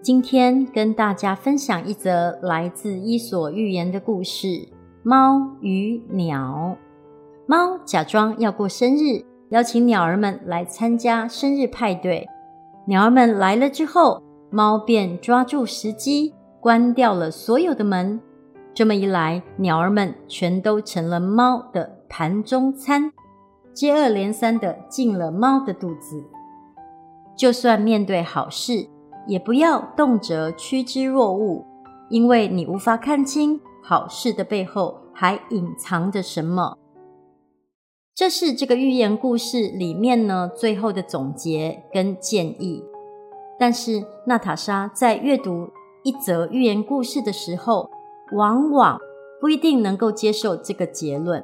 今天跟大家分享一則來自《伊索寓言》的故事：貓與鳥。貓假裝要過生日，邀請鳥兒們來參加生日派對。鳥兒們來了之後，貓便抓住時機，關掉了所有的門。這麼一來，鳥兒們全都成了貓的盤中餐，接二連三地進了貓的肚子。就算面對好事，也不要動輒趨之若鶩，因為你無法看清好事的背後還隱藏着什麼。這是這個寓言故事裡面呢，最後的總結跟建議。但是娜塔莎在閱讀一則寓言故事的時候，往往不一定能夠接受這個結論，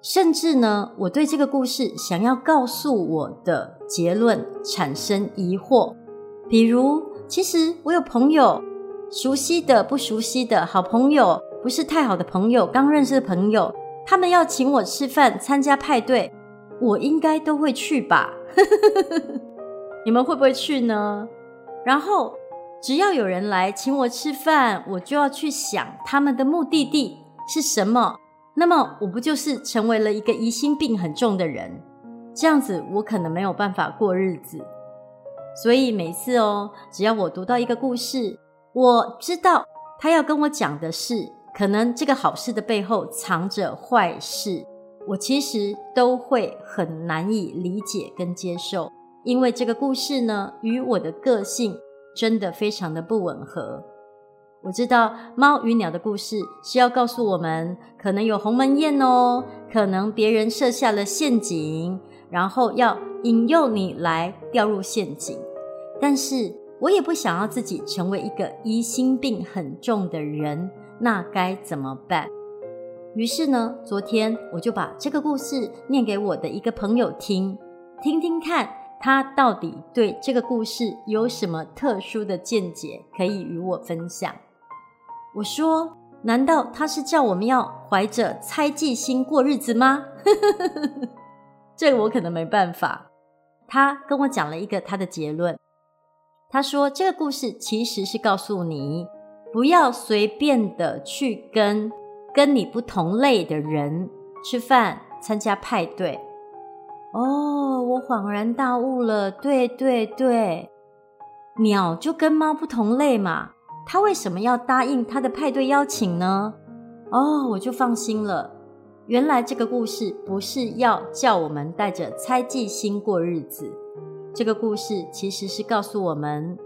甚至呢，我對這個故事想要告訴我的結論產生疑惑，比如。其實我有朋友，熟悉的、不熟悉的、好朋友，不是太好的朋友，剛認識的朋友，他們要請我吃飯、參加派對，我應該都會去吧？ 你們會不會去呢？然後只要有人來請我吃飯，我就要去想他們的目的地是什麼，那麼我不就是成為了一個疑心病很重的人，這樣子我可能沒有辦法過日子。所以每次哦，只要我讀到一個故事，我知道他要跟我講的是，可能這個好事的背後藏着壞事，我其實都會很難以理解跟接受，因為這個故事呢，與我的個性真的非常的不吻合。我知道貓與鳥的故事是要告訴我們，可能有鴻門宴哦，可能別人設下了陷阱，然後要引誘你來掉入陷阱，但是我也不想要自己成為一個疑心病很重的人，那該怎麼辦？於是呢，昨天我就把這個故事念給我的一個朋友聽，聽聽看他到底對這個故事有什麼特殊的見解可以與我分享。我說：難道他是叫我們要懷着猜忌心過日子嗎？ 這個我可能沒辦法。他跟我講了一個他的結論，他說這個故事其實是告訴你，不要隨便的去跟跟你不同類的人吃飯、參加派對。哦，我恍然大悟了，對對對，鳥就跟貓不同類嘛，牠為什麼要答應牠的派對邀請呢？哦，我就放心了。原來這個故事不是要叫我們帶着猜忌心過日子，這個故事其實是告訴我們，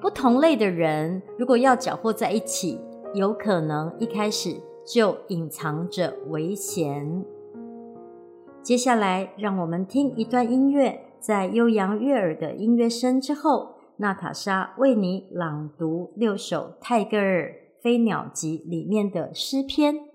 不同類的人如果要攪和在一起，有可能一開始就隱藏着危險。接下來，讓我們聽一段音樂，在悠揚悅耳的音樂聲之後，娜塔莎為你朗讀六首泰戈爾《飛鳥集》裡面的詩篇。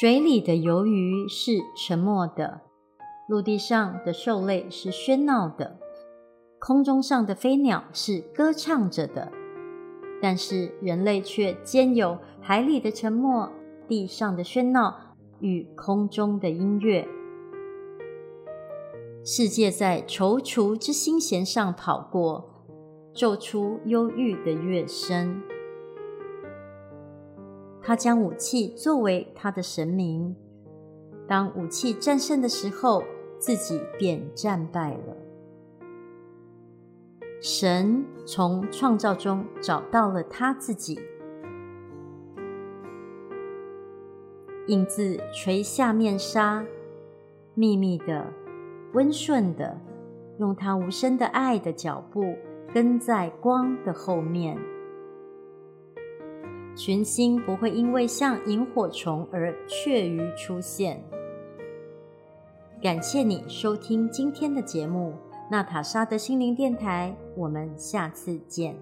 水裡的游魚是沉默的，陸地上的獸類是喧鬧的，空中上的飛鳥是歌唱着的。但是人類卻兼有海裡的沉默、地上的喧鬧與空中的音樂。世界在躊躇之心弦上跑過，奏出憂鬱的樂聲。他將武器作為他的神明，當武器戰勝的時候，自己便戰敗了。神從創造中找到了他自己。影子垂下面紗，秘密的、溫順的，用他無聲的愛的腳步跟在光的後面。群星不會因為像螢火蟲而雀於出現。感謝你收聽今天的節目《娜塔莎的心靈電台》，我們下次見。